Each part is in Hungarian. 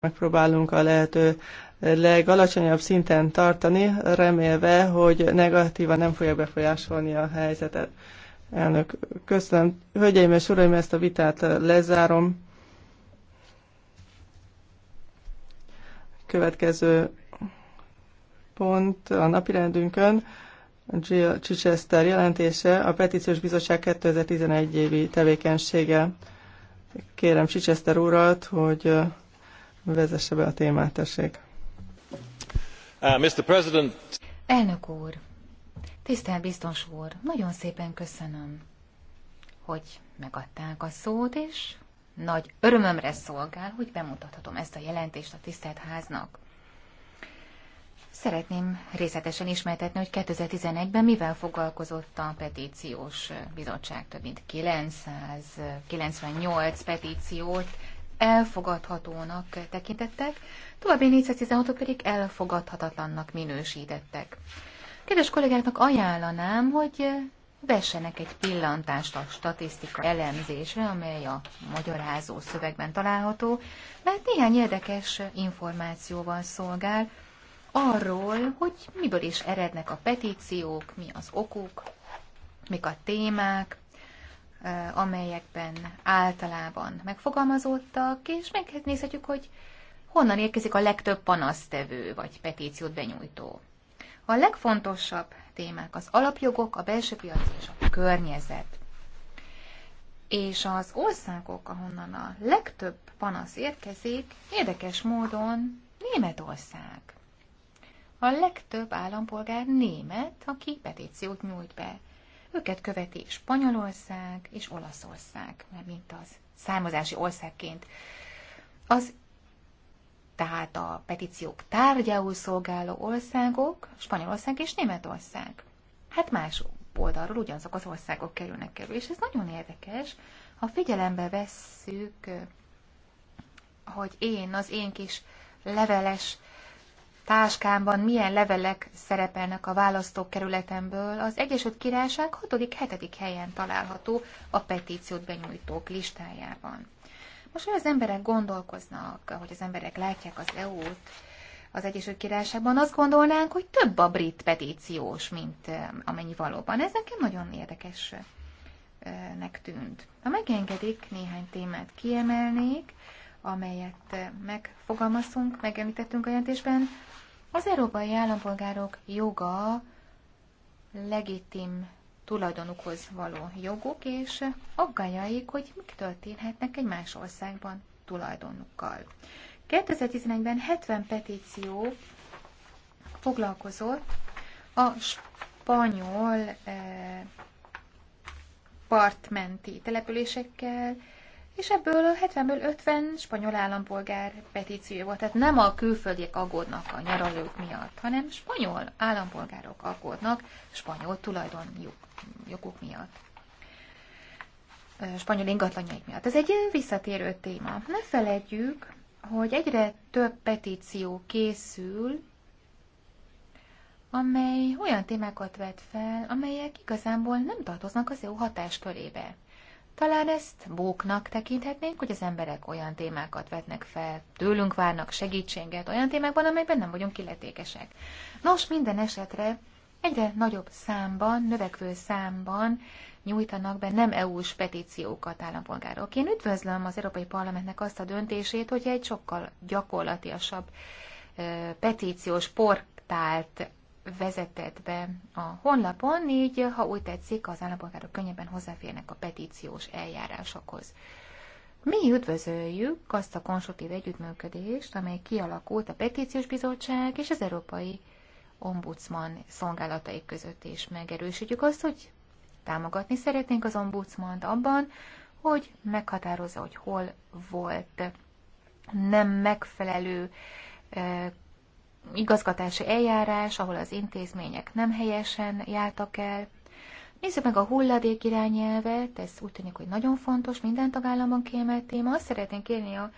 megpróbálunk a lehető legalacsonyabb szinten tartani, remélve, hogy negatívan nem fogja befolyásolni a helyzetet. Elnök, köszönöm. Hölgyeim és uraim, ezt a vitát lezárom. Következő pont a napirendünkön. Jill Chichester jelentése a Petíciós Bizottság 2011 évi tevékenysége. Kérem Chichester urat, hogy vezesse be a témát, tessék. Uh, Mr. President. Elnök úr, tisztelt biztos úr, nagyon szépen köszönöm, hogy megadták a szót, és nagy örömömre szolgál, hogy bemutathatom ezt a jelentést a tisztelt háznak. Szeretném részletesen ismertetni, hogy 2011-ben mivel foglalkozott a petíciós bizottság. Több mint 998 petíciót elfogadhatónak tekintettek, további 416-ok pedig elfogadhatatlannak minősítettek. Kedves kollégáknak ajánlanám, hogy vessenek egy pillantást a statisztika elemzésre, amely a magyarázó szövegben található, mert néhány érdekes információval szolgál arról, hogy miből is erednek a petíciók, mi az okuk, mik a témák, amelyekben általában megfogalmazódtak, és megnézhetjük, hogy honnan érkezik a legtöbb panasztevő vagy petíciót benyújtó. A legfontosabb témák az alapjogok, a belső piac és a környezet. És az országok, ahonnan a legtöbb panasz érkezik, érdekes módon Németország. A legtöbb állampolgár német, aki petíciót nyújt be. Őket követi Spanyolország és Olaszország, mert mint az származási országként. Az tehát a petíciók tárgyául szolgáló országok Spanyolország és Németország. Hát más oldalról ugyanazok az országok kerülnek kerül, és ez nagyon érdekes, ha figyelembe vesszük, hogy én, az én kis leveles táskámban milyen levelek szerepelnek a választókerületemből, az Egyesült Királyság 6.-7. helyen található a petíciót benyújtók listájában. Most, hogy az emberek gondolkoznak, hogy az emberek látják az EU-t az Egyesült Királyságban, azt gondolnánk, hogy több a brit petíciós, mint amennyi valóban. Ez nekem nagyon érdekesnek tűnt. Ha megengedik, néhány témát kiemelnék amelyet megfogalmazunk, megemlítettünk a jelentésben. Az európai állampolgárok joga legitim tulajdonukhoz való joguk és aggájaik, hogy mik történhetnek egy más országban tulajdonukkal. 2011-ben 70 petíció foglalkozott a spanyol eh, partmenti településekkel, és ebből a 70-ből 50 spanyol állampolgár petíció volt. Tehát nem a külföldiek aggódnak a nyaralók miatt, hanem spanyol állampolgárok aggódnak spanyol tulajdonjogok miatt. Spanyol ingatlanjaik miatt. Ez egy visszatérő téma. Ne felejtjük, hogy egyre több petíció készül, amely olyan témákat vet fel, amelyek igazából nem tartoznak az EU hatáskörébe. Talán ezt bóknak tekinthetnénk, hogy az emberek olyan témákat vetnek fel, tőlünk várnak segítséget olyan témákban, amelyben nem vagyunk kiletékesek. Nos, minden esetre egyre nagyobb számban, növekvő számban nyújtanak be nem EU-s petíciókat állampolgárok. Én üdvözlöm az Európai Parlamentnek azt a döntését, hogy egy sokkal gyakorlatiasabb petíciós portált vezetett be a honlapon, így, ha úgy tetszik, az állampolgárok könnyebben hozzáférnek a petíciós eljárásokhoz. Mi üdvözöljük azt a konstruktív együttműködést, amely kialakult a Petíciós Bizottság és az Európai Ombudsman szolgálataik között, és megerősítjük azt, hogy támogatni szeretnénk az ombudsmant abban, hogy meghatározza, hogy hol volt nem megfelelő eh, igazgatási eljárás, ahol az intézmények nem helyesen jártak el. Nézzük meg a hulladék irányelvet, ez úgy tűnik, hogy nagyon fontos, minden tagállamban kiemelt téma. Azt szeretnénk kérni a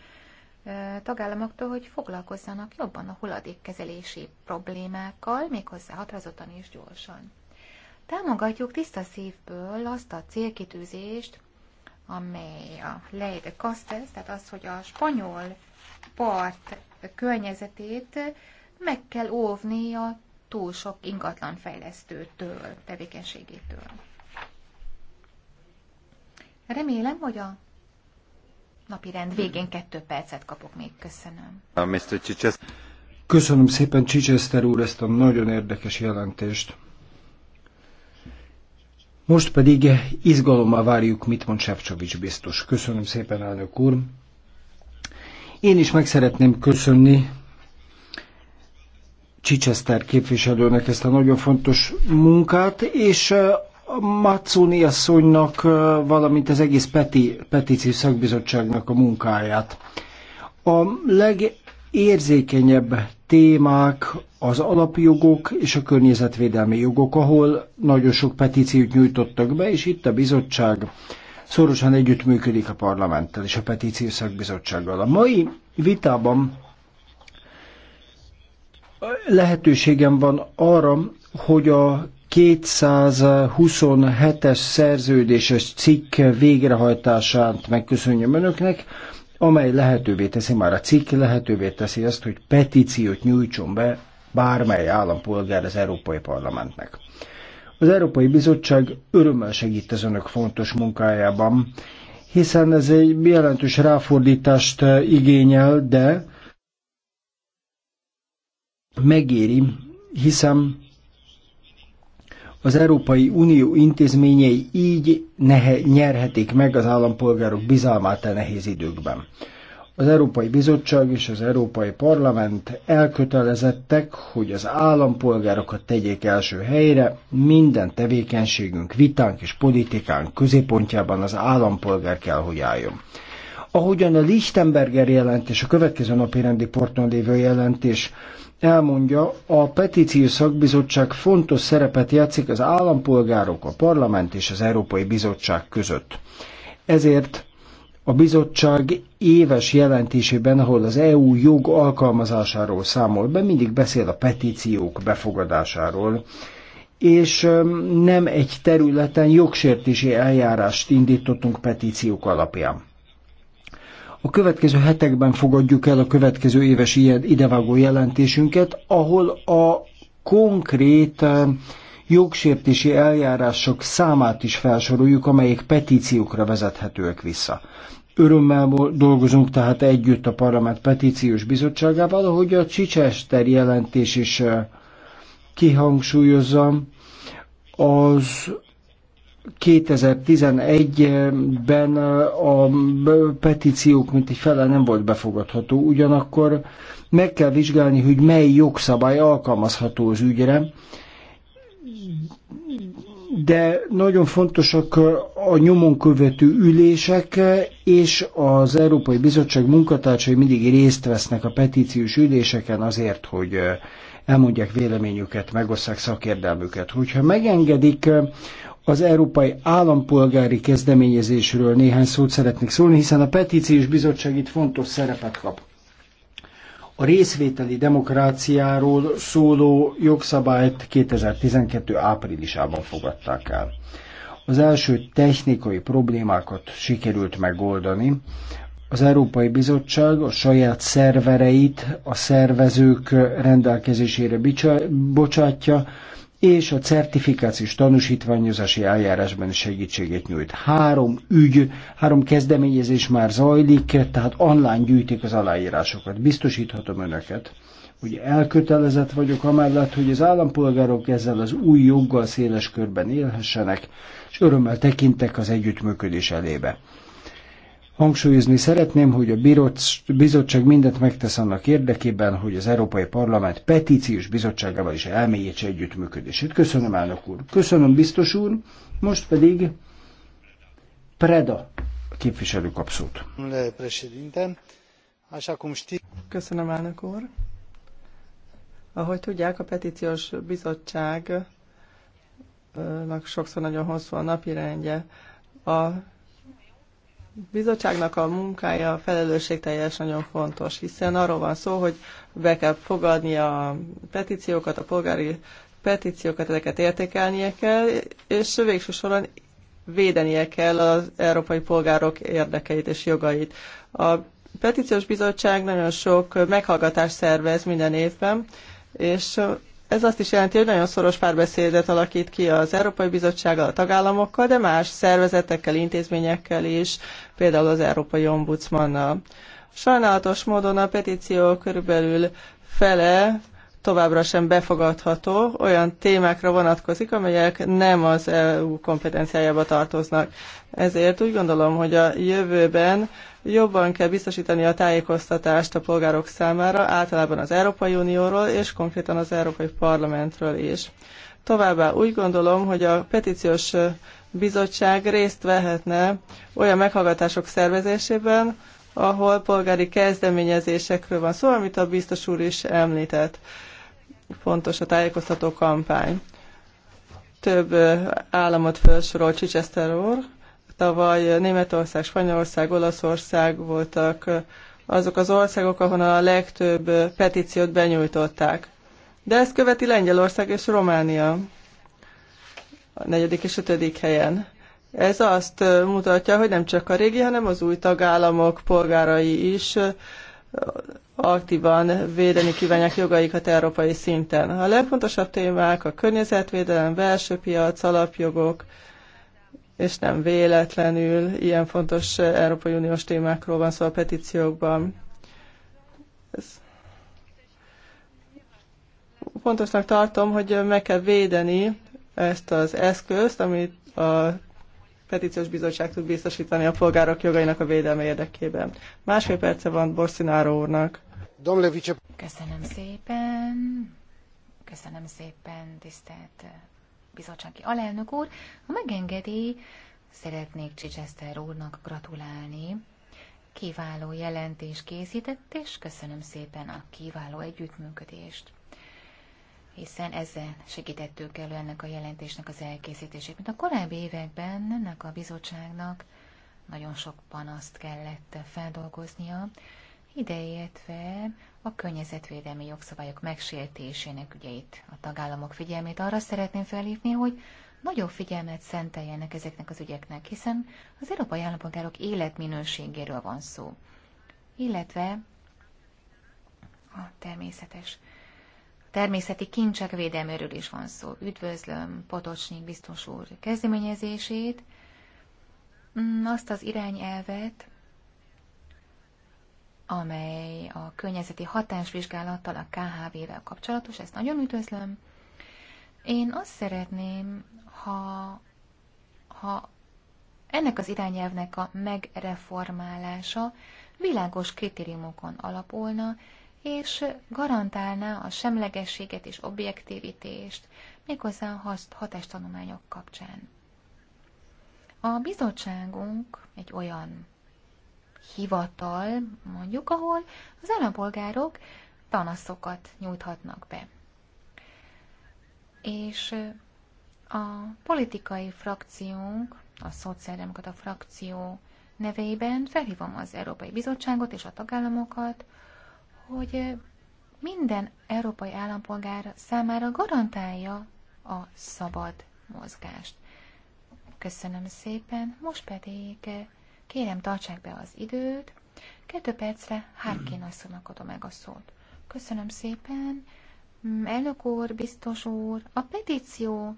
tagállamoktól, hogy foglalkozzanak jobban a hulladékkezelési problémákkal, méghozzá határozottan és gyorsan. Támogatjuk tiszta szívből azt a célkitűzést, amely a Ley Castes, tehát az, hogy a spanyol part környezetét meg kell óvni a túl sok ingatlan fejlesztőtől, tevékenységétől. Remélem, hogy a napi rend végén kettő percet kapok még. Köszönöm. Uh, Köszönöm szépen Csicseszter úr ezt a nagyon érdekes jelentést. Most pedig izgalommal várjuk, mit mond Sefcsovics biztos. Köszönöm szépen, elnök úr. Én is meg szeretném köszönni Csicseszter képviselőnek ezt a nagyon fontos munkát, és Matsuni asszonynak, valamint az egész Peti, petíciós szakbizottságnak a munkáját. A legérzékenyebb témák az alapjogok és a környezetvédelmi jogok, ahol nagyon sok petíciót nyújtottak be, és itt a bizottság szorosan együttműködik a parlamenttel és a petíciós szakbizottsággal. A mai vitában lehetőségem van arra, hogy a 227-es szerződéses cikk végrehajtását megköszönjem önöknek, amely lehetővé teszi, már a cikk lehetővé teszi azt, hogy petíciót nyújtson be bármely állampolgár az Európai Parlamentnek. Az Európai Bizottság örömmel segít az önök fontos munkájában, hiszen ez egy jelentős ráfordítást igényel, de megéri, hiszen az Európai Unió intézményei így nehe, nyerhetik meg az állampolgárok bizalmát a e nehéz időkben. Az Európai Bizottság és az Európai Parlament elkötelezettek, hogy az állampolgárokat tegyék első helyre, minden tevékenységünk, vitánk és politikánk középpontjában az állampolgár kell, hogy álljon. Ahogyan a Lichtenberger jelentés, a következő napi rendi porton lévő jelentés elmondja, a petíciós szakbizottság fontos szerepet játszik az állampolgárok, a parlament és az Európai Bizottság között. Ezért a bizottság éves jelentésében, ahol az EU jog alkalmazásáról számol be, mindig beszél a petíciók befogadásáról, és nem egy területen jogsértési eljárást indítottunk petíciók alapján. A következő hetekben fogadjuk el a következő éves idevágó jelentésünket, ahol a konkrét eh, jogsértési eljárások számát is felsoroljuk, amelyek petíciókra vezethetőek vissza. Örömmel dolgozunk tehát együtt a Parlament Petíciós Bizottságával, ahogy a Csicsester jelentés is eh, kihangsúlyozza, az 2011-ben eh, a petíciók mint egy fele nem volt befogadható, ugyanakkor meg kell vizsgálni, hogy mely jogszabály alkalmazható az ügyre, de nagyon fontosak a nyomon követő ülések, és az Európai Bizottság munkatársai mindig részt vesznek a petíciós üléseken azért, hogy eh, elmondják véleményüket, megosszák szakérdelmüket. Hogyha megengedik, az európai állampolgári kezdeményezésről néhány szót szeretnék szólni, hiszen a petíciós bizottság itt fontos szerepet kap. A részvételi demokráciáról szóló jogszabályt 2012. áprilisában fogadták el. Az első technikai problémákat sikerült megoldani. Az Európai Bizottság a saját szervereit a szervezők rendelkezésére bocsátja, és a certifikációs tanúsítványozási eljárásban segítséget nyújt. Három ügy, három kezdeményezés már zajlik, tehát online gyűjtik az aláírásokat. Biztosíthatom önöket, hogy elkötelezett vagyok amellett, hogy az állampolgárok ezzel az új joggal széles körben élhessenek, és örömmel tekintek az együttműködés elébe. Hangsúlyozni szeretném, hogy a bizottság mindent megtesz annak érdekében, hogy az Európai Parlament petíciós bizottságával is elmélyítse együttműködését. Köszönöm, elnök úr. Köszönöm, biztos úr. Most pedig Preda képviselő kap szót. Köszönöm, elnök úr. Ahogy tudják, a petíciós bizottságnak sokszor nagyon hosszú a napirendje. A bizottságnak a munkája, a felelősségteljes nagyon fontos, hiszen arról van szó, hogy be kell fogadni a petíciókat, a polgári petíciókat, ezeket értékelnie kell, és végső soron védenie kell az európai polgárok érdekeit és jogait. A petíciós bizottság nagyon sok meghallgatást szervez minden évben, és ez azt is jelenti, hogy nagyon szoros párbeszédet alakít ki az Európai Bizottsággal, a tagállamokkal, de más szervezetekkel, intézményekkel is, például az Európai Ombudsmannal. Sajnálatos módon a petíció körülbelül fele továbbra sem befogadható, olyan témákra vonatkozik, amelyek nem az EU kompetenciájába tartoznak. Ezért úgy gondolom, hogy a jövőben jobban kell biztosítani a tájékoztatást a polgárok számára, általában az Európai Unióról és konkrétan az Európai Parlamentről is. Továbbá úgy gondolom, hogy a petíciós bizottság részt vehetne olyan meghallgatások szervezésében, ahol polgári kezdeményezésekről van szó, amit a biztos úr is említett fontos a tájékoztató kampány. Több államot felsorol Csicseszter úr. Tavaly Németország, Spanyolország, Olaszország voltak azok az országok, ahonnan a legtöbb petíciót benyújtották. De ezt követi Lengyelország és Románia a negyedik és ötödik helyen. Ez azt mutatja, hogy nem csak a régi, hanem az új tagállamok polgárai is aktívan védeni kívánják jogaikat európai szinten. A legfontosabb témák a környezetvédelem, belső piac, alapjogok, és nem véletlenül ilyen fontos Európai Uniós témákról van szó a petíciókban. Ez fontosnak tartom, hogy meg kell védeni ezt az eszközt, amit a petíciós bizottság tud biztosítani a polgárok jogainak a védelme érdekében. Másfél perce van Borszináró úrnak. Köszönöm szépen. Köszönöm szépen, tisztelt eh, bizottsági alelnök úr. Ha megengedi, szeretnék Csicseszter úrnak gratulálni. Kiváló jelentés készített, és köszönöm szépen a kiváló együttműködést hiszen ezzel segítettük elő ennek a jelentésnek az elkészítését. Mint a korábbi években ennek a bizottságnak nagyon sok panaszt kellett feldolgoznia, ideértve a környezetvédelmi jogszabályok megsértésének ügyeit. A tagállamok figyelmét arra szeretném felhívni, hogy nagyobb figyelmet szenteljenek ezeknek az ügyeknek, hiszen az európai állampolgárok életminőségéről van szó, illetve a természetes természeti kincsek védelméről is van szó. Üdvözlöm Potocsnyik biztos úr kezdeményezését, mm, azt az irányelvet, amely a környezeti hatásvizsgálattal, a KHV-vel kapcsolatos, ezt nagyon üdvözlöm. Én azt szeretném, ha, ha ennek az irányelvnek a megreformálása világos kritériumokon alapulna, és garantálná a semlegességet és objektivitést, méghozzá a hatástanulmányok kapcsán. A bizottságunk egy olyan hivatal, mondjuk, ahol az állampolgárok panaszokat nyújthatnak be. És a politikai frakciónk, a szociáldemokrata frakció nevében felhívom az Európai Bizottságot és a tagállamokat, hogy minden európai állampolgár számára garantálja a szabad mozgást. Köszönöm szépen, most pedig kérem tartsák be az időt. Kettő percre Harkin asszonynak adom meg a szót. Köszönöm szépen, mm, elnök úr, biztos úr, a petíció,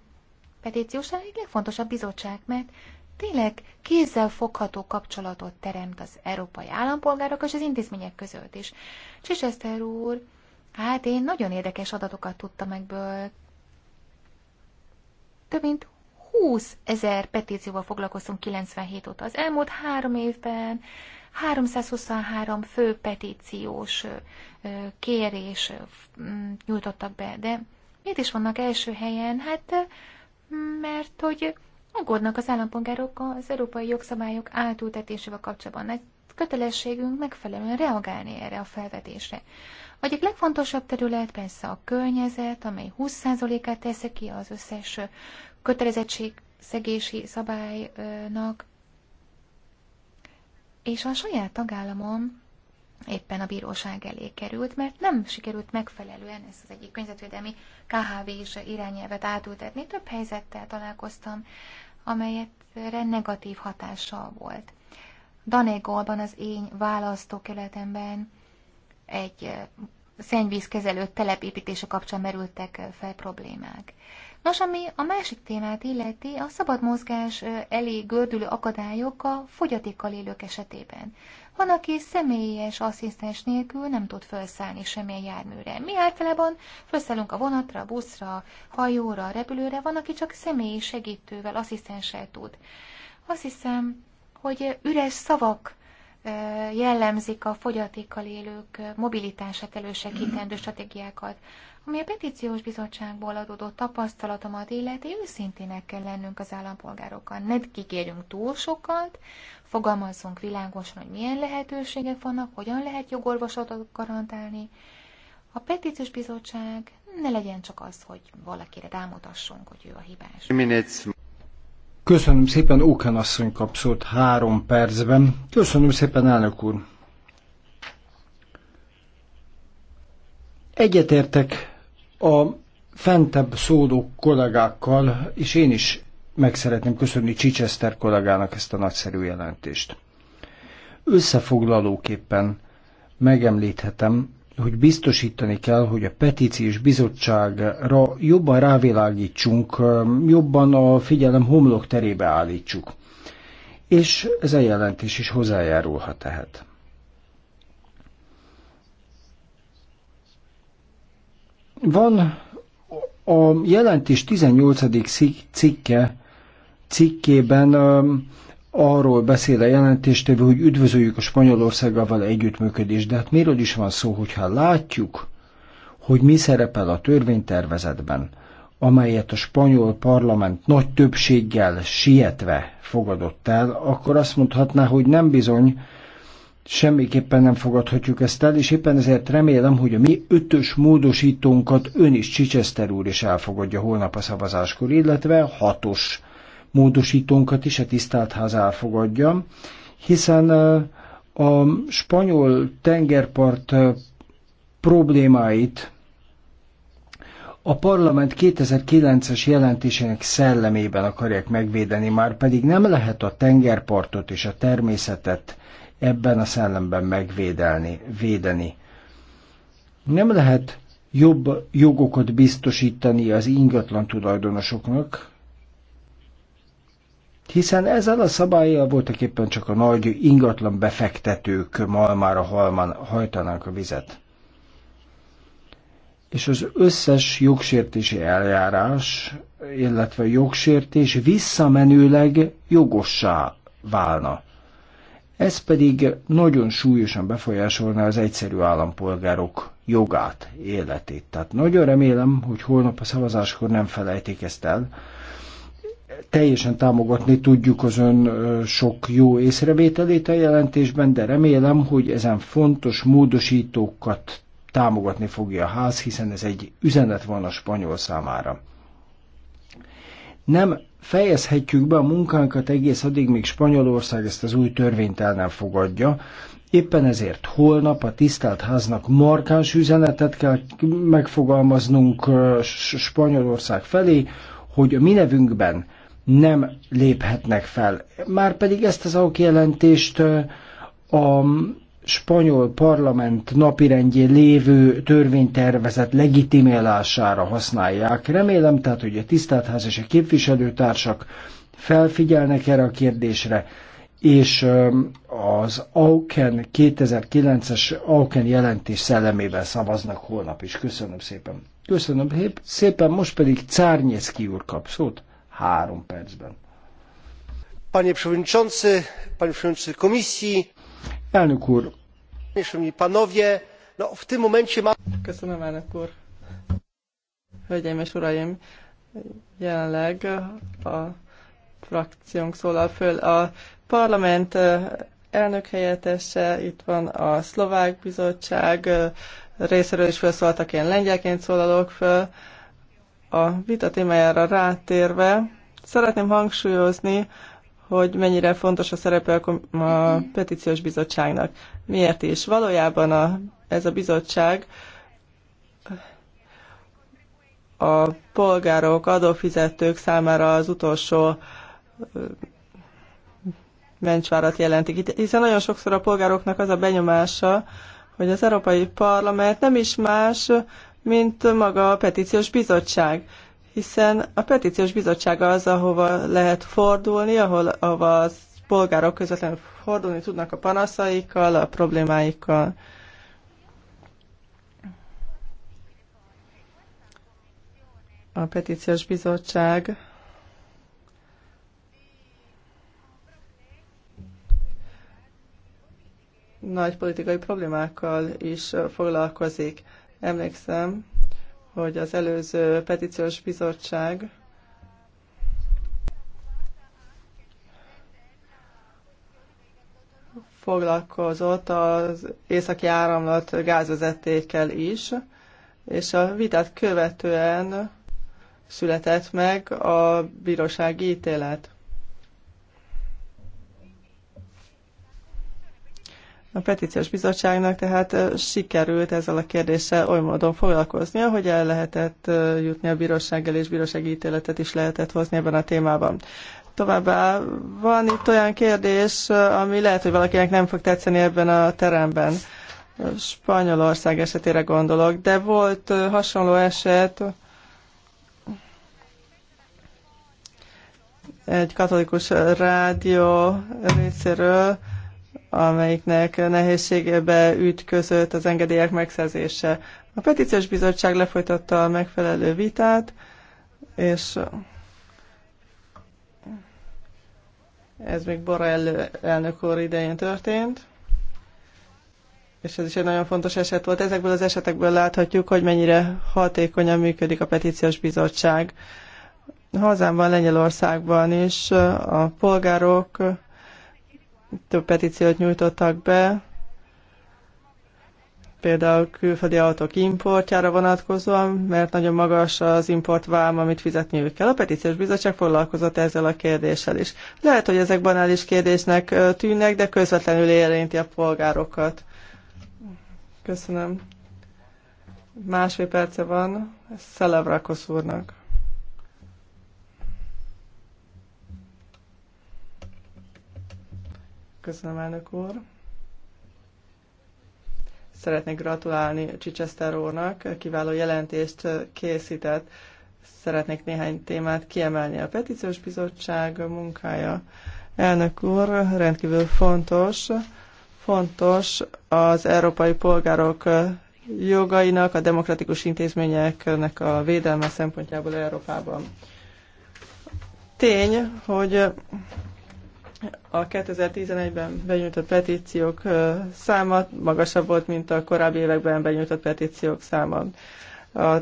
petíciós a legfontosabb bizottság, mert tényleg kézzel fogható kapcsolatot teremt az európai állampolgárok és az intézmények között is. Csicseszter úr, hát én nagyon érdekes adatokat tudtam ebből. Több mint 20 ezer petícióval foglalkoztunk 97 óta. Az elmúlt három évben 323 fő petíciós kérés mm, nyújtottak be, de miért is vannak első helyen? Hát mm, mert hogy Aggódnak az állampolgárok az európai jogszabályok átültetésével kapcsolatban. Egy kötelességünk megfelelően reagálni erre a felvetésre. Egyik legfontosabb terület persze a környezet, amely 20%-át teszi ki az összes kötelezettség szegési szabálynak, és a saját tagállamom éppen a bíróság elé került, mert nem sikerült megfelelően ezt az egyik könyvetvédelmi khv és irányelvet átültetni. Több helyzettel találkoztam, amelyet negatív hatással volt. Danegolban az én választókeletemben egy szennyvízkezelő telepépítése kapcsán merültek fel problémák. Nos, ami a másik témát illeti, a szabad mozgás elé gördülő akadályok a fogyatékkal élők esetében. Van, aki személyes asszisztens nélkül nem tud felszállni semmilyen járműre. Mi általában felszállunk a vonatra, a buszra, hajóra, a repülőre, van, aki csak személyi segítővel, asszisztenssel tud. Azt hiszem, hogy üres szavak jellemzik a fogyatékkal élők mobilitását elősegítendő stratégiákat. Ami a petíciós bizottságból adódott tapasztalatomat illeti, őszintének kell lennünk az állampolgárokkal. Ne kikérjünk túl sokat, fogalmazzunk világosan, hogy milyen lehetőségek vannak, hogyan lehet jogorvoslatot garantálni. A petíciós bizottság ne legyen csak az, hogy valakire rámutassunk, hogy ő a hibás. Köszönöm szépen, Ókán asszony kapszott három percben. Köszönöm szépen, elnök úr. Egyetértek a fentebb szóló kollégákkal, és én is meg szeretném köszönni Csicseszter kollégának ezt a nagyszerű jelentést. Összefoglalóképpen megemlíthetem, hogy biztosítani kell, hogy a petíciós bizottságra jobban rávilágítsunk, jobban a figyelem homlok terébe állítsuk. És ez a jelentés is hozzájárulhat ehhez. Van a jelentés 18. cikke, cikkében um, arról beszél a jelentéstevő, hogy üdvözöljük a Spanyolországgal való együttműködést, de hát miről is van szó, hogyha látjuk, hogy mi szerepel a törvénytervezetben, amelyet a spanyol parlament nagy többséggel sietve fogadott el, akkor azt mondhatná, hogy nem bizony, semmiképpen nem fogadhatjuk ezt el, és éppen ezért remélem, hogy a mi ötös módosítónkat ön is, Csicseszter úr is elfogadja holnap a szavazáskor, illetve hatos módosítónkat is a tisztelt ház elfogadja, hiszen a spanyol tengerpart problémáit a parlament 2009-es jelentésének szellemében akarják megvédeni, már pedig nem lehet a tengerpartot és a természetet ebben a szellemben megvédelni, védeni. Nem lehet jobb jogokat biztosítani az ingatlan tulajdonosoknak, hiszen ezzel a szabályjal voltak éppen csak a nagy ingatlan befektetők malmára halman hajtanánk a vizet. És az összes jogsértési eljárás, illetve jogsértés visszamenőleg jogossá válna. Ez pedig nagyon súlyosan befolyásolná az egyszerű állampolgárok jogát, életét. Tehát nagyon remélem, hogy holnap a szavazáskor nem felejtik ezt el. Teljesen támogatni tudjuk az ön sok jó észrevételét a jelentésben, de remélem, hogy ezen fontos módosítókat támogatni fogja a ház, hiszen ez egy üzenet van a spanyol számára. Nem fejezhetjük be a munkánkat egész addig, még Spanyolország ezt az új törvényt el nem fogadja. Éppen ezért holnap a tisztelt háznak markáns üzenetet kell megfogalmaznunk uh, Spanyolország felé, hogy a mi nevünkben nem léphetnek fel. Már pedig ezt az aukjelentést uh, a spanyol parlament napirendjén lévő törvénytervezet legitimálására használják. Remélem tehát, hogy a tisztátház és a képviselőtársak felfigyelnek erre a kérdésre, és az AUKEN 2009-es AUKEN jelentés szellemében szavaznak holnap is. Köszönöm szépen. Köszönöm szépen, most pedig Czárnyeszki úr kap szót három percben. Panie Przewodniczący, Panie Przewodniczący Komisji, Elnök úr! Köszönöm, elnök úr! Hölgyeim és uraim! Jelenleg a frakciónk szólal föl. A parlament elnök helyettese, itt van a szlovák bizottság részéről is felszólaltak, én lengyelként szólalok föl. A vita témájára rátérve szeretném hangsúlyozni, hogy mennyire fontos a szerepe a petíciós bizottságnak. Miért is? Valójában a, ez a bizottság a polgárok, adófizetők számára az utolsó mencsvárat jelentik. Hiszen nagyon sokszor a polgároknak az a benyomása, hogy az Európai Parlament nem is más, mint maga a petíciós bizottság hiszen a petíciós bizottsága az, ahova lehet fordulni, ahol ahova a polgárok közvetlenül fordulni tudnak a panaszaikkal, a problémáikkal. A petíciós bizottság nagy politikai problémákkal is foglalkozik. Emlékszem, hogy az előző petíciós bizottság foglalkozott az északi áramlat gázvezetékkel is, és a vitát követően született meg a bírósági ítélet. A petíciós bizottságnak tehát sikerült ezzel a kérdéssel oly módon foglalkoznia, hogy el lehetett jutni a bíróság és bírósági ítéletet is lehetett hozni ebben a témában. Továbbá van itt olyan kérdés, ami lehet, hogy valakinek nem fog tetszeni ebben a teremben. Spanyolország esetére gondolok, de volt hasonló eset, egy katolikus rádió részéről amelyiknek nehézségebe ütközött az engedélyek megszerzése. A petíciós bizottság lefolytatta a megfelelő vitát, és ez még Borrell elnök úr idején történt, és ez is egy nagyon fontos eset volt. Ezekből az esetekből láthatjuk, hogy mennyire hatékonyan működik a petíciós bizottság. Hazámban, Lengyelországban is a polgárok több petíciót nyújtottak be, például külföldi autók importjára vonatkozóan, mert nagyon magas az importvám, amit fizetniük kell. A petíciós bizottság foglalkozott ezzel a kérdéssel is. Lehet, hogy ezek banális kérdésnek tűnnek, de közvetlenül érinti a polgárokat. Köszönöm. Másfél perce van Szelevrakosz úrnak. Köszönöm, elnök úr. Szeretnék gratulálni Csicseszter úrnak, kiváló jelentést készített. Szeretnék néhány témát kiemelni a petíciós bizottság munkája. Elnök úr, rendkívül fontos, fontos az európai polgárok jogainak, a demokratikus intézményeknek a védelme szempontjából Európában. Tény, hogy a 2011-ben benyújtott petíciók száma magasabb volt, mint a korábbi években benyújtott petíciók száma. A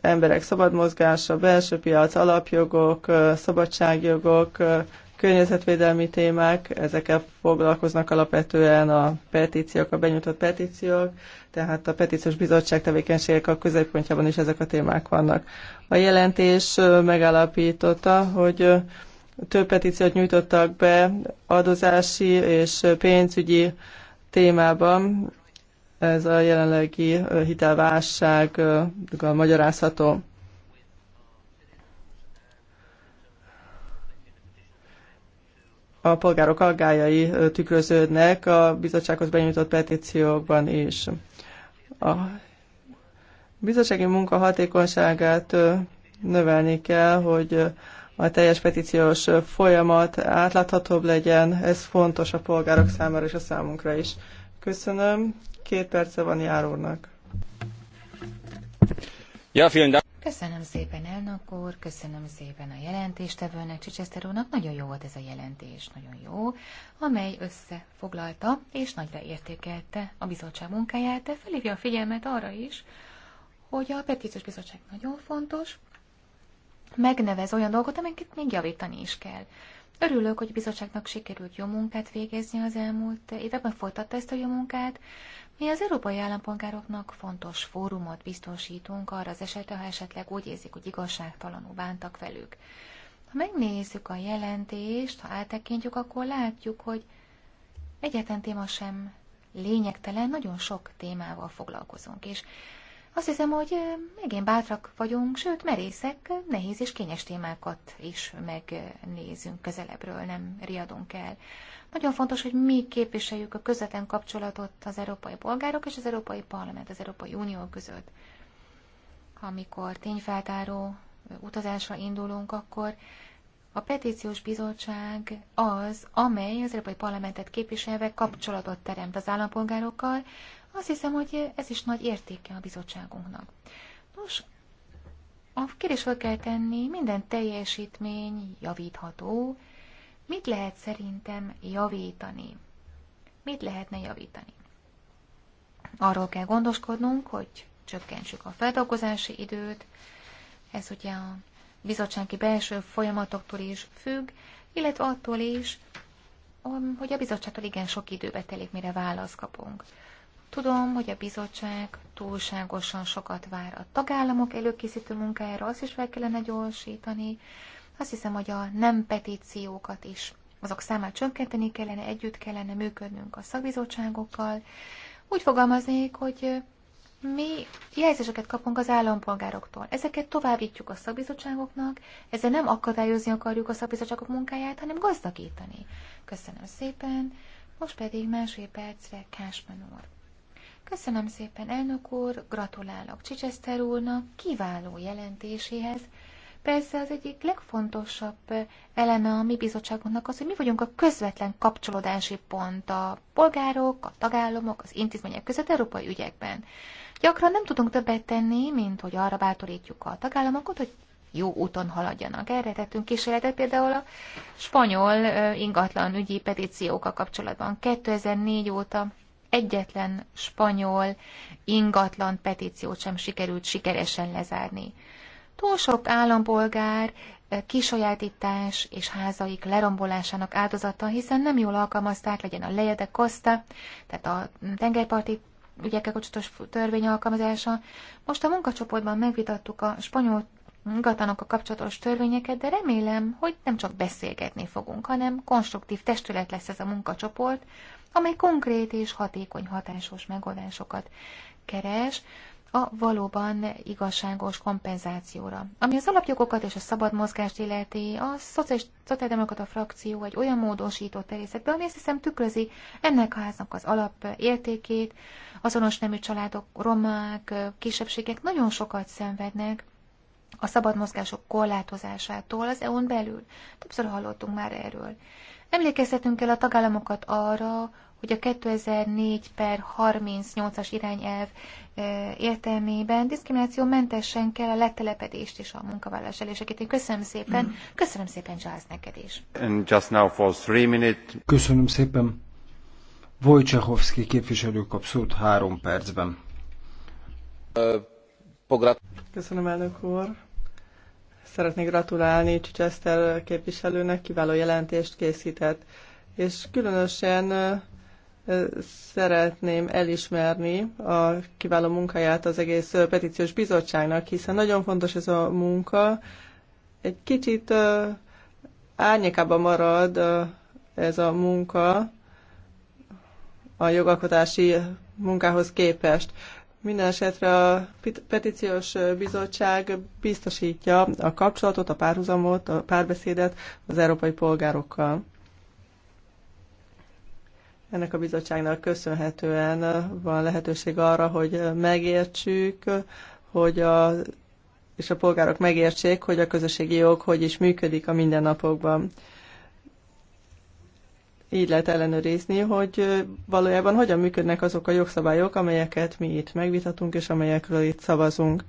emberek szabad mozgása, belső piac, alapjogok, szabadságjogok, környezetvédelmi témák, ezekkel foglalkoznak alapvetően a petíciók, a benyújtott petíciók, tehát a petíciós bizottság tevékenységek a középpontjában is ezek a témák vannak. A jelentés megállapította, hogy több petíciót nyújtottak be adózási és pénzügyi témában. Ez a jelenlegi hitelválság magyarázható. A polgárok aggájai tükröződnek a bizottsághoz benyújtott petíciókban is. A bizottsági munka hatékonyságát növelni kell, hogy a teljes petíciós folyamat átláthatóbb legyen. Ez fontos a polgárok számára és a számunkra is. Köszönöm. Két perce van járónak. Ja, vielen Dank. Köszönöm szépen, elnök úr, köszönöm szépen a jelentéstevőnek, Csicseszter úrnak. Nagyon jó volt ez a jelentés, nagyon jó, amely összefoglalta és nagyra értékelte a bizottság munkáját, de felhívja a figyelmet arra is, hogy a petíciós bizottság nagyon fontos, megnevez olyan dolgot, amiket még javítani is kell. Örülök, hogy a bizottságnak sikerült jó munkát végezni az elmúlt években, folytatta ezt a jó munkát. Mi az európai állampolgároknak fontos fórumot biztosítunk arra az esetre, ha esetleg úgy érzik, hogy igazságtalanul bántak velük. Ha megnézzük a jelentést, ha áttekintjük, akkor látjuk, hogy egyetlen téma sem lényegtelen, nagyon sok témával foglalkozunk, és azt hiszem, hogy igen bátrak vagyunk, sőt merészek, nehéz és kényes témákat is megnézünk közelebbről, nem riadunk el. Nagyon fontos, hogy mi képviseljük a közvetlen kapcsolatot az európai polgárok és az európai parlament, az Európai Unió között. Amikor tényfeltáró utazásra indulunk, akkor a petíciós bizottság az, amely az Európai Parlamentet képviselve kapcsolatot teremt az állampolgárokkal. Azt hiszem, hogy ez is nagy értéke a bizottságunknak. Nos, a kérdés fel kell tenni, minden teljesítmény javítható. Mit lehet szerintem javítani? Mit lehetne javítani? Arról kell gondoskodnunk, hogy csökkentsük a feldolgozási időt, ez ugye a bizottsági belső folyamatoktól is függ, illetve attól is, um, hogy a bizottságtól igen sok időbe telik, mire választ kapunk. Tudom, hogy a bizottság túlságosan sokat vár a tagállamok előkészítő munkájára, azt is fel kellene gyorsítani. Azt hiszem, hogy a nem petíciókat is, azok számát csökkenteni kellene, együtt kellene működnünk a szakbizottságokkal. Úgy fogalmaznék, hogy mi jelzéseket kapunk az állampolgároktól. Ezeket továbbítjuk a szakbizottságoknak, ezzel nem akadályozni akarjuk a szakbizottságok munkáját, hanem gazdagítani. Köszönöm szépen, most pedig másfél percre Kásman úr. Köszönöm szépen, elnök úr, gratulálok Csicseszter úrnak kiváló jelentéséhez. Persze az egyik legfontosabb eleme a mi bizottságunknak az, hogy mi vagyunk a közvetlen kapcsolódási pont a polgárok, a tagállamok, az intézmények között európai ügyekben. Gyakran nem tudunk többet tenni, mint hogy arra bátorítjuk a tagállamokat, hogy jó úton haladjanak. Erre tettünk kísérletet például a spanyol ingatlan ügyi petíciókkal kapcsolatban. 2004 óta egyetlen spanyol ingatlan petíciót sem sikerült sikeresen lezárni. Túl sok állampolgár kisajátítás és házaik lerombolásának áldozata, hiszen nem jól alkalmazták, legyen a Leje Costa, tehát a tengerparti ügyekkel kapcsolatos törvény alkalmazása. Most a munkacsoportban megvitattuk a spanyol a kapcsolatos törvényeket, de remélem, hogy nem csak beszélgetni fogunk, hanem konstruktív testület lesz ez a munkacsoport, amely konkrét és hatékony hatásos megoldásokat keres a valóban igazságos kompenzációra. Ami az alapjogokat és a szabad mozgást illeti, a Szociáldemokrata frakció egy olyan módosított terjesztett ami azt hiszem tükrözi ennek a háznak az alapértékét. Azonos nemű családok, romák, kisebbségek nagyon sokat szenvednek a szabad mozgások korlátozásától az EU-n belül. Többször hallottunk már erről. Emlékeztetünk el a tagállamokat arra, hogy a 2004 per 38-as irányelv értelmében diszkriminációmentesen kell a letelepedést és a munkavállalás Én Köszönöm szépen, mm. köszönöm szépen Charles neked is. And just now for three minute. Köszönöm szépen. Wojciechowski képviselő kap szót három percben. Köszönöm, elnök úr. Szeretnék gratulálni Chichester képviselőnek, kiváló jelentést készített és különösen szeretném elismerni a kiváló munkáját az egész petíciós bizottságnak, hiszen nagyon fontos ez a munka. Egy kicsit árnyékában marad ez a munka a jogalkotási munkához képest. Minden esetre a petíciós bizottság biztosítja a kapcsolatot, a párhuzamot, a párbeszédet az európai polgárokkal. Ennek a bizottságnak köszönhetően van lehetőség arra, hogy megértsük, hogy a, és a polgárok megértsék, hogy a közösségi jog hogy is működik a mindennapokban. Így lehet ellenőrizni, hogy valójában hogyan működnek azok a jogszabályok, amelyeket mi itt megvitatunk, és amelyekről itt szavazunk.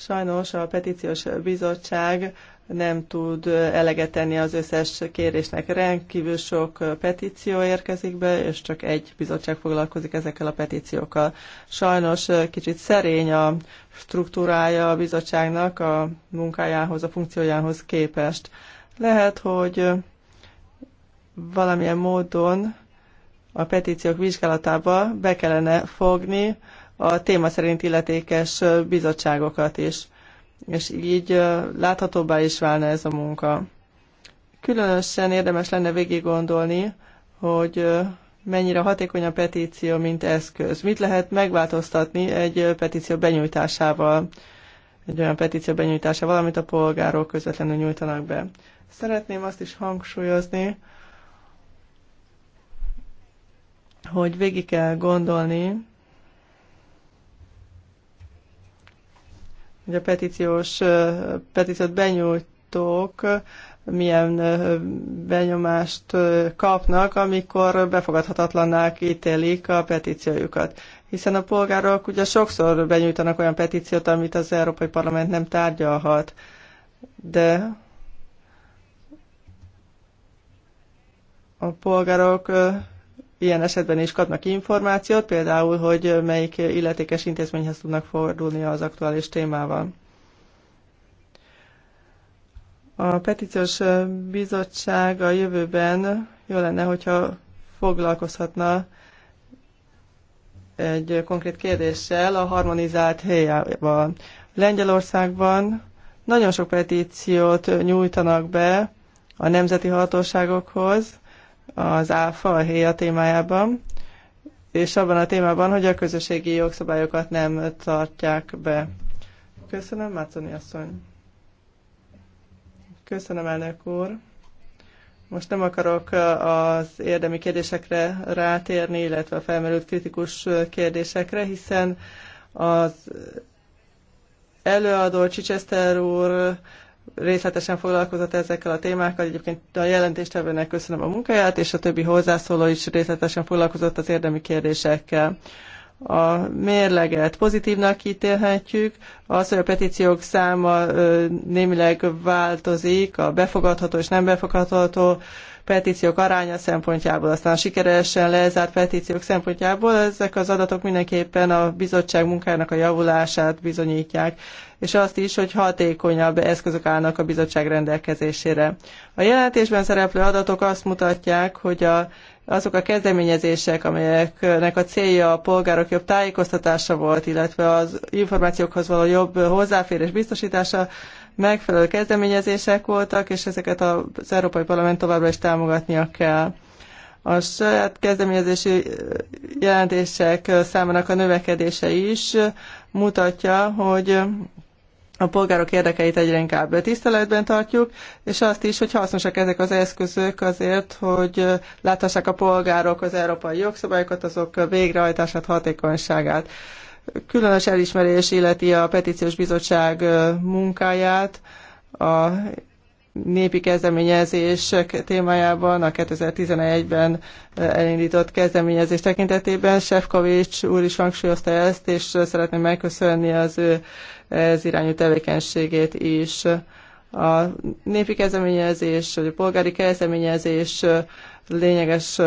Sajnos a petíciós bizottság nem tud eleget tenni az összes kérésnek. Rendkívül sok petíció érkezik be, és csak egy bizottság foglalkozik ezekkel a petíciókkal. Sajnos kicsit szerény a struktúrája a bizottságnak a munkájához, a funkciójához képest. Lehet, hogy valamilyen módon a petíciók vizsgálatába be kellene fogni a téma szerint illetékes bizottságokat is. És így láthatóbbá is válna ez a munka. Különösen érdemes lenne végig gondolni, hogy mennyire hatékony a petíció, mint eszköz. Mit lehet megváltoztatni egy petíció benyújtásával, egy olyan petíció benyújtásával, amit a polgárok közvetlenül nyújtanak be. Szeretném azt is hangsúlyozni, hogy végig kell gondolni, a petíciós, petíciót benyújtók milyen benyomást kapnak, amikor befogadhatatlannak ítélik a petíciójukat. Hiszen a polgárok ugye sokszor benyújtanak olyan petíciót, amit az Európai Parlament nem tárgyalhat. De a polgárok ilyen esetben is kapnak információt, például, hogy melyik illetékes intézményhez tudnak fordulni az aktuális témával. A petíciós bizottság a jövőben jó lenne, hogyha foglalkozhatna egy konkrét kérdéssel a harmonizált helyával. Lengyelországban nagyon sok petíciót nyújtanak be a nemzeti hatóságokhoz, az áfa, a héja témájában, és abban a témában, hogy a közösségi jogszabályokat nem tartják be. Köszönöm, Máconi asszony. Köszönöm, elnök úr. Most nem akarok az érdemi kérdésekre rátérni, illetve a felmerült kritikus kérdésekre, hiszen az előadó Csicseszter úr részletesen foglalkozott ezekkel a témákkal. Egyébként a jelentéstevőnek köszönöm a munkáját, és a többi hozzászóló is részletesen foglalkozott az érdemi kérdésekkel. A mérleget pozitívnak ítélhetjük, az, hogy a petíciók száma némileg változik, a befogadható és nem befogadható petíciók aránya szempontjából, aztán a sikeresen lezárt petíciók szempontjából ezek az adatok mindenképpen a bizottság munkának a javulását bizonyítják, és azt is, hogy hatékonyabb eszközök állnak a bizottság rendelkezésére. A jelentésben szereplő adatok azt mutatják, hogy a azok a kezdeményezések, amelyeknek a célja a polgárok jobb tájékoztatása volt, illetve az információkhoz való jobb hozzáférés biztosítása, megfelelő kezdeményezések voltak, és ezeket az Európai Parlament továbbra is támogatnia kell. A saját kezdeményezési jelentések számának a növekedése is mutatja, hogy a polgárok érdekeit egyre inkább tiszteletben tartjuk, és azt is, hogy hasznosak ezek az eszközök azért, hogy láthassák a polgárok az európai jogszabályokat, azok végrehajtását, hatékonyságát. Különös elismerés illeti a petíciós bizottság munkáját, a népi kezdeményezések témájában, a 2011-ben elindított kezdeményezés tekintetében. Sefkovics úr is hangsúlyozta ezt, és szeretném megköszönni az ő ez irányú tevékenységét is. A népi kezdeményezés, vagy a polgári kezdeményezés lényeges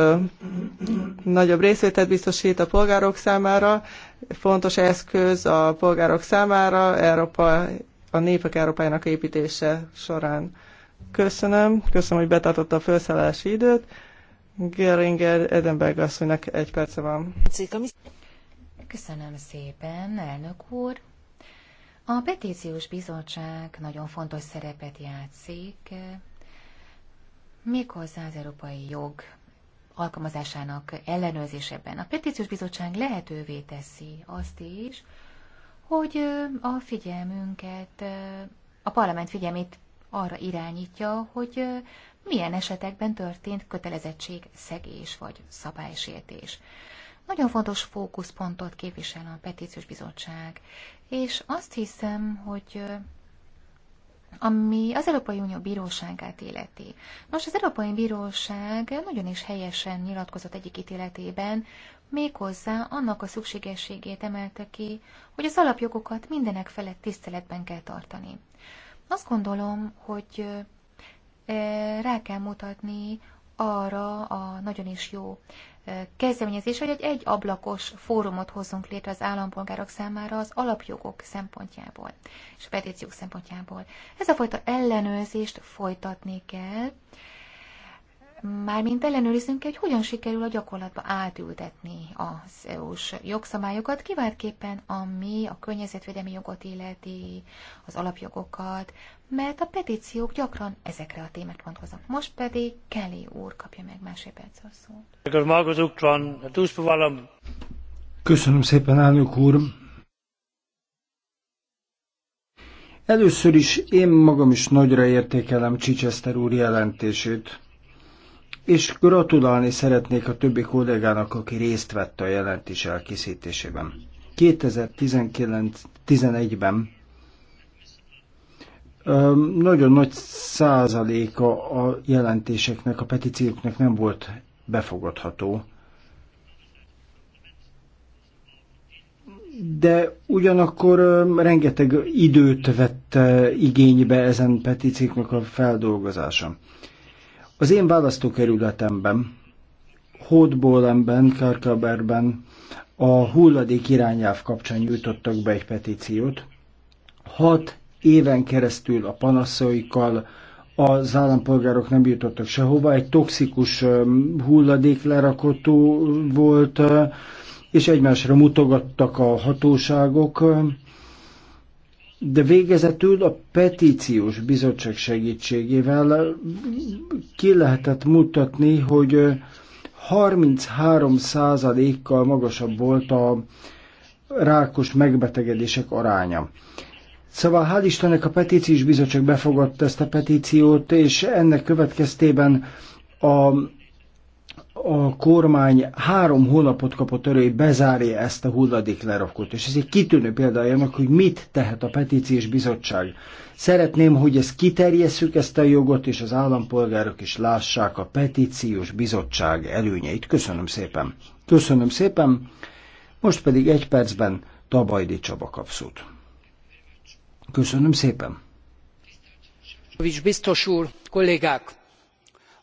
nagyobb részvételt biztosít a polgárok számára, fontos eszköz a polgárok számára Európa, a népek Európájának építése során. Köszönöm, köszönöm, hogy betartotta a felszállási időt. Geringer Edenberg asszonynak egy perce van. Köszönöm szépen, elnök úr. A petíciós bizottság nagyon fontos szerepet játszik, méghozzá az európai jog alkalmazásának ellenőrzésében. A petíciós bizottság lehetővé teszi azt is, hogy a figyelmünket, a parlament figyelmét arra irányítja, hogy milyen esetekben történt kötelezettség szegés vagy szabálysértés. Nagyon fontos fókuszpontot képvisel a petíciós bizottság, és azt hiszem, hogy ami az Európai Unió bíróságát életi. Nos, az Európai Bíróság nagyon is helyesen nyilatkozott egyik ítéletében, méghozzá annak a szükségességét emelte ki, hogy az alapjogokat mindenek felett tiszteletben kell tartani. Azt gondolom, hogy eh, rá kell mutatni arra a nagyon is jó kezdeményezés, hogy egy egyablakos fórumot hozzunk létre az állampolgárok számára az alapjogok szempontjából és a petíciók szempontjából. Ez a fajta ellenőrzést folytatni kell, Mármint ellenőrizzünk, hogy hogyan sikerül a gyakorlatba átültetni az EU-s jogszabályokat, kiváltképpen ami a környezetvédelmi jogot illeti, az alapjogokat, mert a petíciók gyakran ezekre a témákra vonatkoznak. Most pedig Kelly úr kapja meg másodperc szót. Köszönöm szépen, elnök úr! Először is én magam is nagyra értékelem Csicseszter úr jelentését, és gratulálni szeretnék a többi kollégának, aki részt vett a jelentés elkészítésében. 2019-11-ben nagyon nagy százaléka a jelentéseknek, a petícióknak nem volt befogadható. de ugyanakkor rengeteg időt vett igénybe ezen petícióknak a feldolgozása. Az én választókerületemben, Hódbólemben, Karkaberben a hulladék irányáv kapcsán nyújtottak be egy petíciót. Hat éven keresztül a panaszaikkal az állampolgárok nem jutottak sehova, egy toxikus hulladék lerakotó volt, és egymásra mutogattak a hatóságok, de végezetül a petíciós bizottság segítségével ki lehetett mutatni, hogy 33%-kal magasabb volt a rákos megbetegedések aránya. Szóval hál' Istennek a petíciós bizottság befogadta ezt a petíciót, és ennek következtében a a kormány három hónapot kapott arra, hogy bezárja ezt a hulladék lerakót. És ez egy kitűnő példája annak, hogy mit tehet a petíciós bizottság. Szeretném, hogy ezt kiterjesszük ezt a jogot, és az állampolgárok is lássák a petíciós bizottság előnyeit. Köszönöm szépen. Köszönöm szépen. Most pedig egy percben Tabajdi Csaba kapszót. Köszönöm szépen. Biztos úr, kollégák!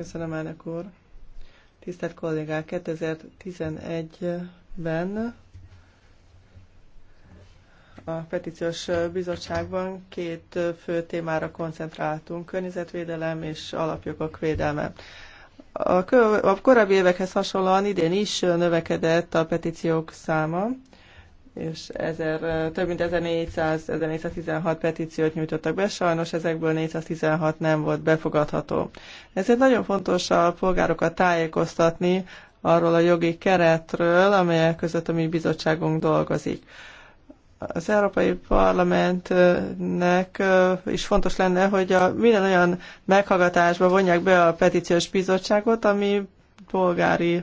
Köszönöm, elnök úr. Tisztelt kollégák, 2011-ben a petíciós bizottságban két fő témára koncentráltunk, környezetvédelem és alapjogok védelme. A, korábbi évekhez hasonlóan idén is növekedett a petíciók száma, és ezer, több mint 1400, 1416 petíciót nyújtottak be, sajnos ezekből 416 nem volt befogadható. Ezért nagyon fontos a polgárokat tájékoztatni arról a jogi keretről, amelyek között a mi bizottságunk dolgozik. Az Európai Parlamentnek is fontos lenne, hogy a minden olyan meghallgatásba vonják be a petíciós bizottságot, ami polgári,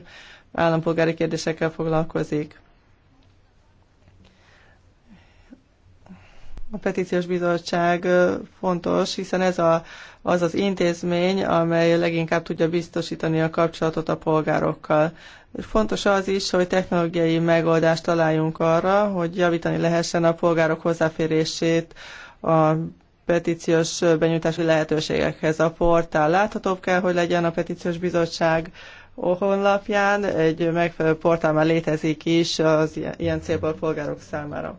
állampolgári kérdésekkel foglalkozik A petíciós bizottság fontos, hiszen ez a, az az intézmény, amely leginkább tudja biztosítani a kapcsolatot a polgárokkal. Fontos az is, hogy technológiai megoldást találjunk arra, hogy javítani lehessen a polgárok hozzáférését a petíciós benyújtási lehetőségekhez. A portál láthatóbb kell, hogy legyen a petíciós bizottság honlapján, egy megfelelő portál már létezik is az ilyen célból polgárok számára.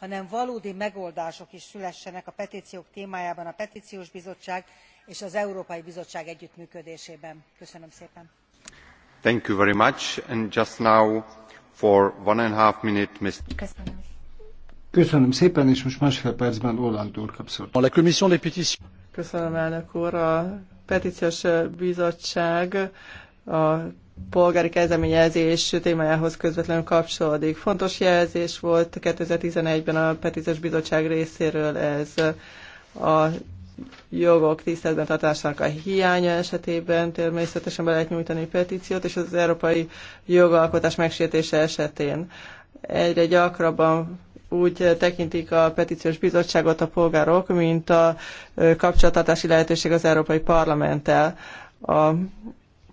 hanem valódi megoldások is szülessenek a petciók témájában a petciós bizottság és az európai bizottság együttműködésében. köszönöm szépen! Thank you very much and and just now for one a half Minute, Mr. köszönöm szépen, és most másfél percben Holland úr kap Köszönöm, elnök úr. A petíciós bizottság a polgári kezdeményezés témájához közvetlenül kapcsolódik. Fontos jelzés volt 2011-ben a Petíciós Bizottság részéről ez a jogok tiszteletben tartásának a hiánya esetében természetesen be lehet nyújtani petíciót, és az európai jogalkotás megsértése esetén egyre gyakrabban úgy tekintik a petíciós bizottságot a polgárok, mint a kapcsolatartási lehetőség az Európai Parlamenttel. A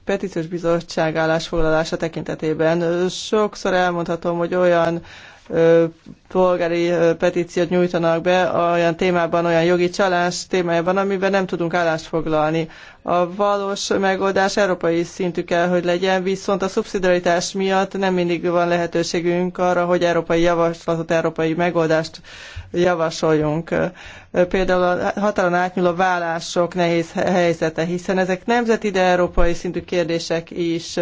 petíciós bizottság állásfoglalása tekintetében. Sokszor elmondhatom, hogy olyan polgári petíciót nyújtanak be olyan témában, olyan jogi csalás témájában, amiben nem tudunk állást foglalni. A valós megoldás európai szintű kell, hogy legyen, viszont a szubszidiaritás miatt nem mindig van lehetőségünk arra, hogy európai javaslatot, európai megoldást javasoljunk. Például a határon átnyúló vállások nehéz helyzete, hiszen ezek nemzeti, de európai szintű kérdések is,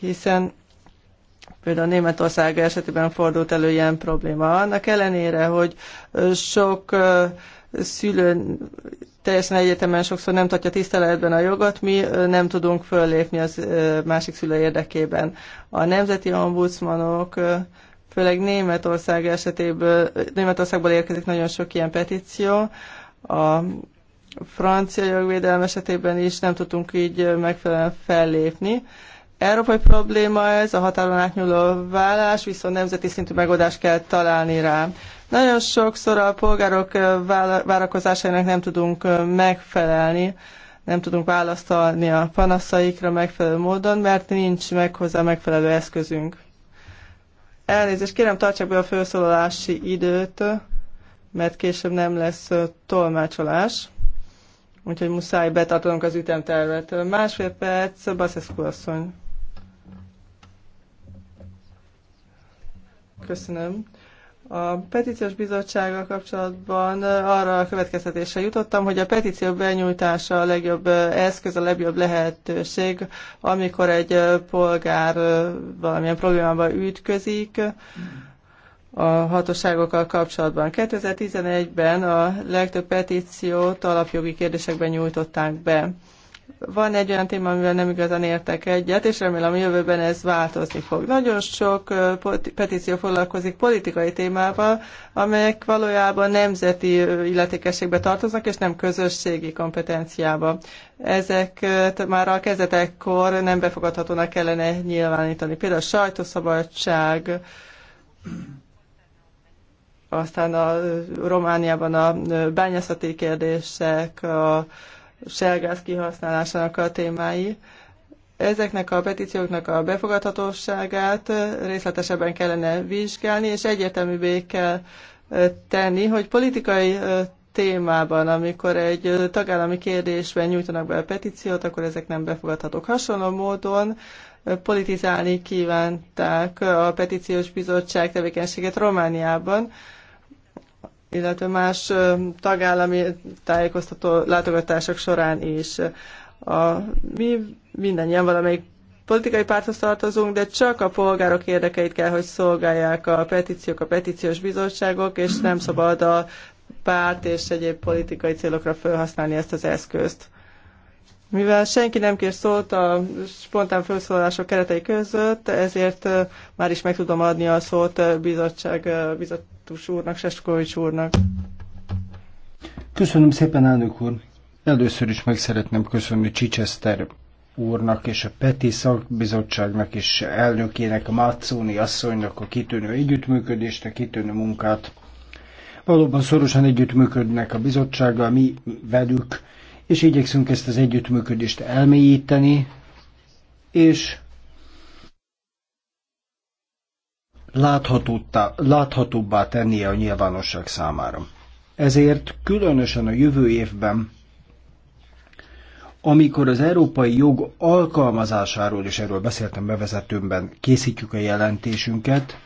hiszen Például Németország esetében fordult elő ilyen probléma. Annak ellenére, hogy sok szülő teljesen egyetemen sokszor nem tartja tiszteletben a jogot, mi nem tudunk föllépni az másik szülő érdekében. A nemzeti ombudsmanok főleg Németország esetéből, Németországból érkezik nagyon sok ilyen petíció. A francia jogvédelem esetében is nem tudtunk így megfelelően fellépni. Európai probléma ez, a határon átnyúló vállás, viszont nemzeti szintű megoldást kell találni rá. Nagyon sokszor a polgárok várakozásainak nem tudunk megfelelni, nem tudunk választani a panaszaikra megfelelő módon, mert nincs meghozzá megfelelő eszközünk. Elnézést, kérem tartsák be a felszólalási időt, mert később nem lesz tolmácsolás, úgyhogy muszáj betartanunk az ütemtervet. Másfél perc, Baszeszkó asszony. Köszönöm. A petíciós bizottsággal kapcsolatban arra a következtetésre jutottam, hogy a petíció benyújtása a legjobb eszköz, a legjobb lehetőség, amikor egy polgár valamilyen problémába ütközik a hatóságokkal kapcsolatban. 2011-ben a legtöbb petíciót alapjogi kérdésekben nyújtották be van egy olyan téma, amivel nem igazán értek egyet, és remélem a jövőben ez változni fog. Nagyon sok petíció foglalkozik politikai témával, amelyek valójában nemzeti illetékességbe tartoznak, és nem közösségi kompetenciába. Ezek már a kezdetekkor nem befogadhatónak kellene nyilvánítani. Például a sajtószabadság, aztán a Romániában a bányászati kérdések, a selgáz kihasználásának a témái. Ezeknek a petícióknak a befogadhatóságát részletesebben kellene vizsgálni, és egyértelművé kell tenni, hogy politikai témában, amikor egy tagállami kérdésben nyújtanak be a petíciót, akkor ezek nem befogadhatók. Hasonló módon politizálni kívánták a petíciós bizottság tevékenységet Romániában, illetve más tagállami tájékoztató látogatások során is. A, mi mindannyian valamelyik politikai párthoz tartozunk, de csak a polgárok érdekeit kell, hogy szolgálják a petíciók, a petíciós bizottságok, és nem szabad a párt és egyéb politikai célokra felhasználni ezt az eszközt. Mivel senki nem kér szót a spontán felszólalások keretei között, ezért már is meg tudom adni a szót bizottság bizottus úrnak, Seskovics úrnak. Köszönöm szépen, elnök úr! Először is meg szeretném köszönni Csicseszter úrnak és a Peti szakbizottságnak és elnökének, a Mátszóni asszonynak a kitűnő együttműködést, a kitűnő munkát. Valóban szorosan együttműködnek a bizottsággal, mi velük, és igyekszünk ezt az együttműködést elmélyíteni, és láthatóbbá tennie a nyilvánosság számára. Ezért különösen a jövő évben, amikor az európai jog alkalmazásáról, és erről beszéltem bevezetőmben, készítjük a jelentésünket,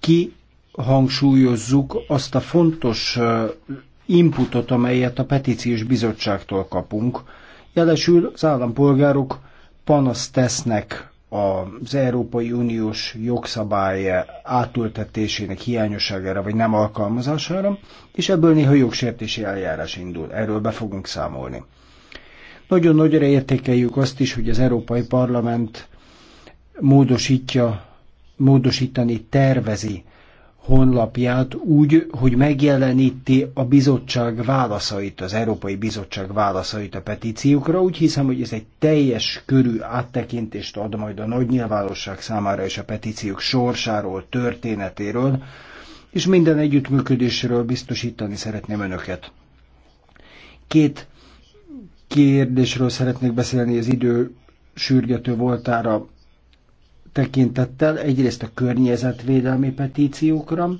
ki hangsúlyozzuk azt a fontos inputot, amelyet a petíciós bizottságtól kapunk. Jelesül az állampolgárok panaszt tesznek az Európai Uniós jogszabály átültetésének hiányosságára vagy nem alkalmazására, és ebből néha jogsértési eljárás indul. Erről be fogunk számolni. Nagyon nagyra értékeljük azt is, hogy az Európai Parlament módosítja, módosítani tervezi honlapját úgy, hogy megjeleníti a bizottság válaszait, az Európai Bizottság válaszait a petíciókra. Úgy hiszem, hogy ez egy teljes körű áttekintést ad majd a nagy nyilvánosság számára és a petíciók sorsáról, történetéről, és minden együttműködésről biztosítani szeretném önöket. Két kérdésről szeretnék beszélni az idő sürgető voltára tekintettel egyrészt a környezetvédelmi petíciókra,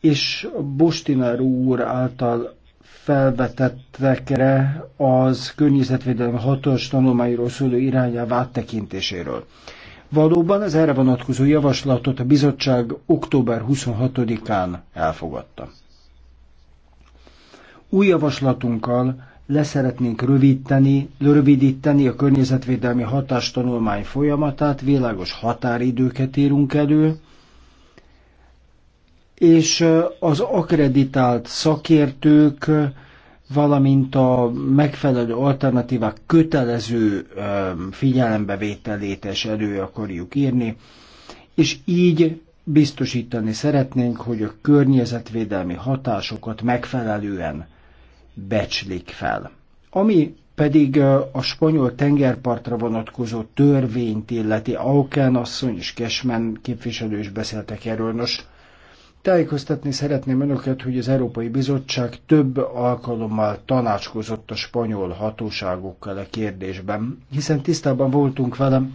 és Bostinár úr által felvetettekre az környezetvédelmi hatos tanulmányról szóló irányelv áttekintéséről. Valóban az erre vonatkozó javaslatot a bizottság október 26-án elfogadta. Új javaslatunkkal leszeretnénk rövidíteni, rövidíteni a környezetvédelmi hatástanulmány folyamatát, világos határidőket írunk elő, és az akreditált szakértők, valamint a megfelelő alternatívák kötelező figyelembevételét és elő akarjuk írni, és így biztosítani szeretnénk, hogy a környezetvédelmi hatásokat megfelelően becslik fel. Ami pedig a spanyol tengerpartra vonatkozó törvényt illeti Aukán asszony és Kesmen képviselő is beszéltek erről. Nos, tájékoztatni szeretném önöket, hogy az Európai Bizottság több alkalommal tanácskozott a spanyol hatóságokkal a e kérdésben, hiszen tisztában voltunk velem,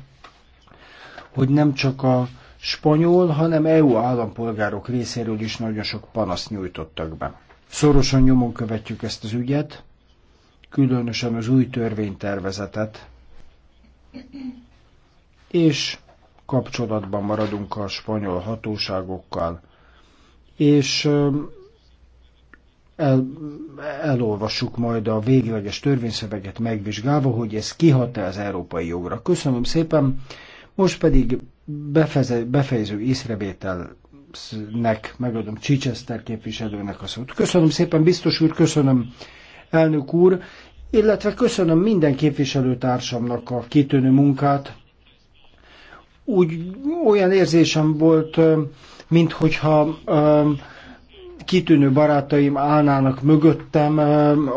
hogy nem csak a spanyol, hanem EU állampolgárok részéről is nagyon sok panaszt nyújtottak be. Szorosan nyomon követjük ezt az ügyet, különösen az új törvénytervezetet, és kapcsolatban maradunk a spanyol hatóságokkal, és el, elolvassuk majd a végleges törvényszöveget megvizsgálva, hogy ez kihat-e az európai jogra. Köszönöm szépen, most pedig befeze, befejező észrevétel nek megadom Csicseszter képviselőnek a szót. Köszönöm szépen, biztos úr, köszönöm elnök úr, illetve köszönöm minden képviselőtársamnak a kitűnő munkát. Úgy olyan érzésem volt, minthogyha kitűnő barátaim állnának mögöttem,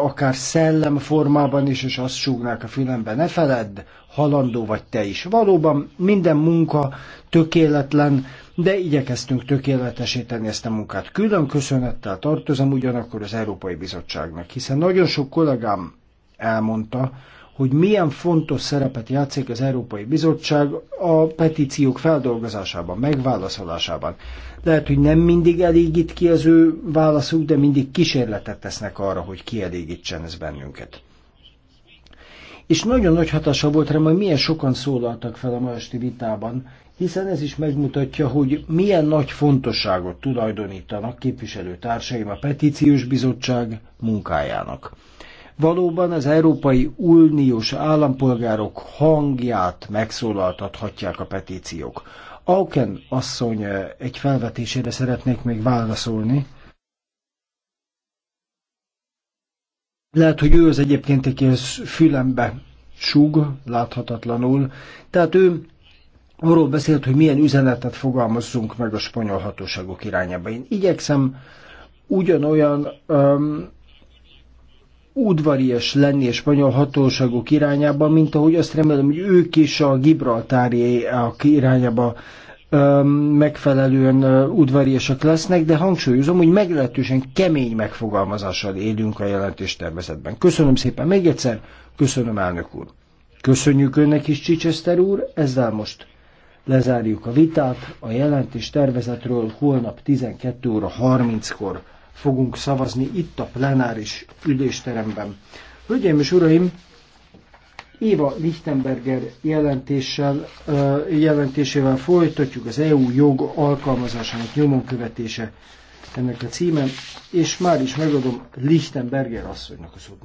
akár szellem formában is, és azt súgnák a filmben. ne feledd, halandó vagy te is. Valóban minden munka tökéletlen, de igyekeztünk tökéletesíteni ezt a munkát. Külön köszönettel tartozom ugyanakkor az Európai Bizottságnak, hiszen nagyon sok kollégám elmondta, hogy milyen fontos szerepet játszik az Európai Bizottság a petíciók feldolgozásában, megválaszolásában. Lehet, hogy nem mindig elégít ki az ő válaszuk, de mindig kísérletet tesznek arra, hogy kielégítsen ez bennünket. És nagyon nagy hatása volt rám, hogy milyen sokan szólaltak fel a ma esti vitában, hiszen ez is megmutatja, hogy milyen nagy fontosságot tulajdonítanak társaim a petíciós bizottság munkájának. Valóban az Európai Uniós állampolgárok hangját megszólaltathatják a petíciók. Auken asszony eh, egy felvetésére szeretnék még válaszolni. Lehet, hogy ő az egyébként, egy fülembe súg láthatatlanul. Tehát ő arról beszélt, hogy milyen üzenetet fogalmazzunk meg a spanyol hatóságok irányába. Én igyekszem ugyanolyan öm, udvarias lenni a spanyol hatóságok irányába, mint ahogy azt remélem, hogy ők is a Gibraltári irányába öm, megfelelően udvariasak lesznek, de hangsúlyozom, hogy meglehetősen kemény megfogalmazással élünk a jelentés tervezetben. Köszönöm szépen még egyszer, köszönöm elnök úr. Köszönjük önnek is, Csicseszter úr, ezzel most lezárjuk a vitát. A jelentés tervezetről holnap 12 óra 30-kor fogunk szavazni itt a plenáris ülésteremben. Hölgyeim és uraim, Éva Lichtenberger jelentéssel, jelentésével folytatjuk az EU jog alkalmazásának nyomon követése ennek a címen, és már is megadom Lichtenberger asszonynak a szót.